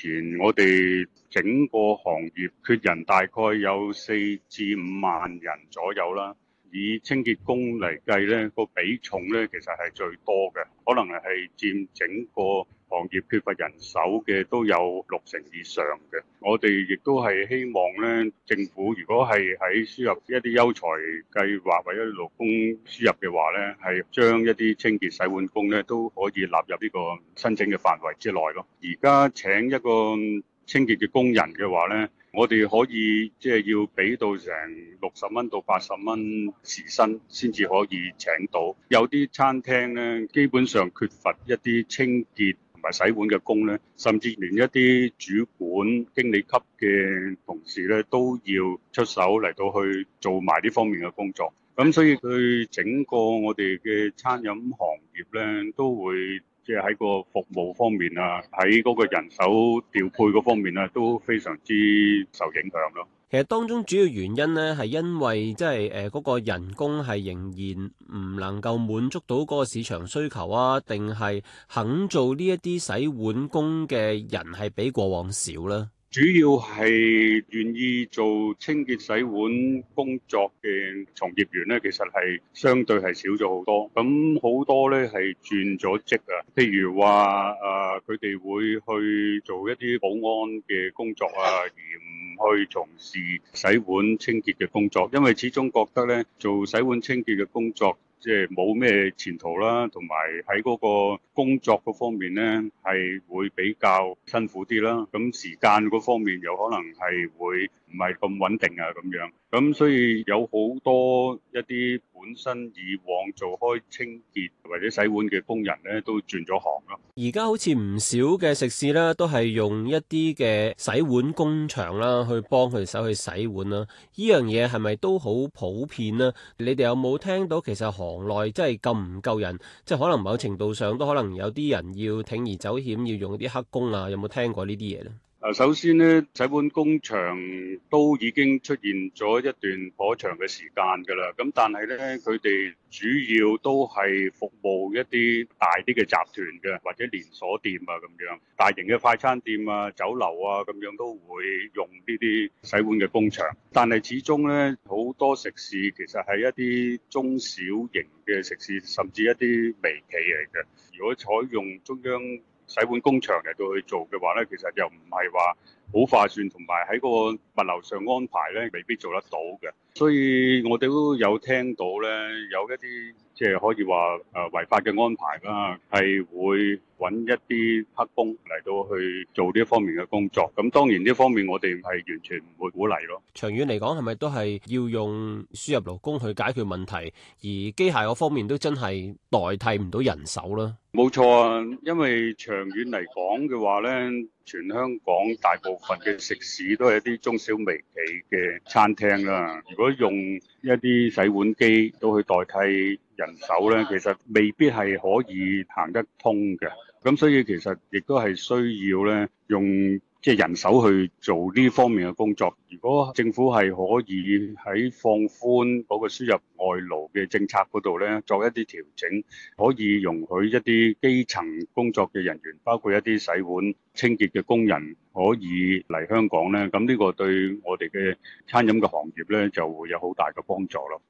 前我哋整個行業缺人大概有四至五萬人左右啦，以清潔工嚟計呢，呢個比重呢其實係最多嘅，可能係係佔整個行業缺乏人手嘅都有六成以上嘅，我哋亦都係希望咧，政府如果係喺輸入一啲優才計劃或者勞工輸入嘅話咧，係將一啲清潔洗碗工咧都可以納入呢個申請嘅範圍之內咯。而家請一個清潔嘅工人嘅話咧，我哋可以即係要俾到成六十蚊到八十蚊時薪先至可以請到。有啲餐廳咧，基本上缺乏一啲清潔。同埋洗碗嘅工咧，甚至連一啲主管、經理級嘅同事咧，都要出手嚟到去做埋呢方面嘅工作。咁所以佢整個我哋嘅餐飲行業咧，都會。即係喺個服務方面啊，喺嗰個人手調配嗰方面啊，都非常之受影響咯。其實當中主要原因呢，係因為即係誒嗰個人工係仍然唔能夠滿足到嗰個市場需求啊，定係肯做呢一啲洗碗工嘅人係比過往少啦。主要係願意做清潔洗碗工作嘅從業員咧，其實係相對係少咗好多。咁好多咧係轉咗職啊，譬如話啊，呃，佢哋會去做一啲保安嘅工作啊，而唔去從事洗碗清潔嘅工作，因為始終覺得咧做洗碗清潔嘅工作。即係冇咩前途啦，同埋喺嗰個工作嗰方面咧，係會比較辛苦啲啦。咁時間嗰方面有可能係會唔係咁穩定啊咁樣。咁所以有好多一啲。本身以往做開清潔或者洗碗嘅工人咧，都轉咗行咯。而家好似唔少嘅食肆咧，都係用一啲嘅洗碗工場啦，去幫佢手去洗碗啦。呢樣嘢係咪都好普遍呢？你哋有冇聽到？其實行內真係咁唔夠人，即係可能某程度上都可能有啲人要鋌而走險，要用啲黑工啊？有冇聽過呢啲嘢呢？首先咧，洗碗工場都已經出現咗一段頗長嘅時間㗎啦。咁但係咧，佢哋主要都係服務一啲大啲嘅集團嘅，或者連鎖店啊咁樣，大型嘅快餐店啊、酒樓啊咁樣都會用呢啲洗碗嘅工場。但係始終咧，好多食肆其實係一啲中小型嘅食肆，甚至一啲微企嚟嘅。如果採用中央，洗碗工場嚟到去做嘅話咧，其實又唔係話，好化算同埋喺個物流上安排咧，未必做得到嘅。所以我哋都有聽到咧，有一啲即係可以話誒違法嘅安排啦，係會揾一啲黑工嚟到去做呢一方面嘅工作。咁當然呢方面我哋係完全唔會鼓勵咯。長遠嚟講，係咪都係要用輸入勞工去解決問題，而機械嗰方面都真係代替唔到人手啦？冇錯啊，因為長遠嚟講嘅話咧。全香港大部分嘅食肆都係一啲中小微企嘅餐廳啦。如果用一啲洗碗機都去代替人手咧，其實未必係可以行得通嘅。咁所以其實亦都係需要咧，用即係人手去做呢方面嘅工作。如果政府係可以喺放寬嗰個輸入外勞嘅政策嗰度咧，作一啲調整，可以容許一啲基層工作嘅人員，包括一啲洗碗、清潔嘅工人，可以嚟香港咧，咁呢個對我哋嘅餐飲嘅行業咧，就會有好大嘅幫助咯。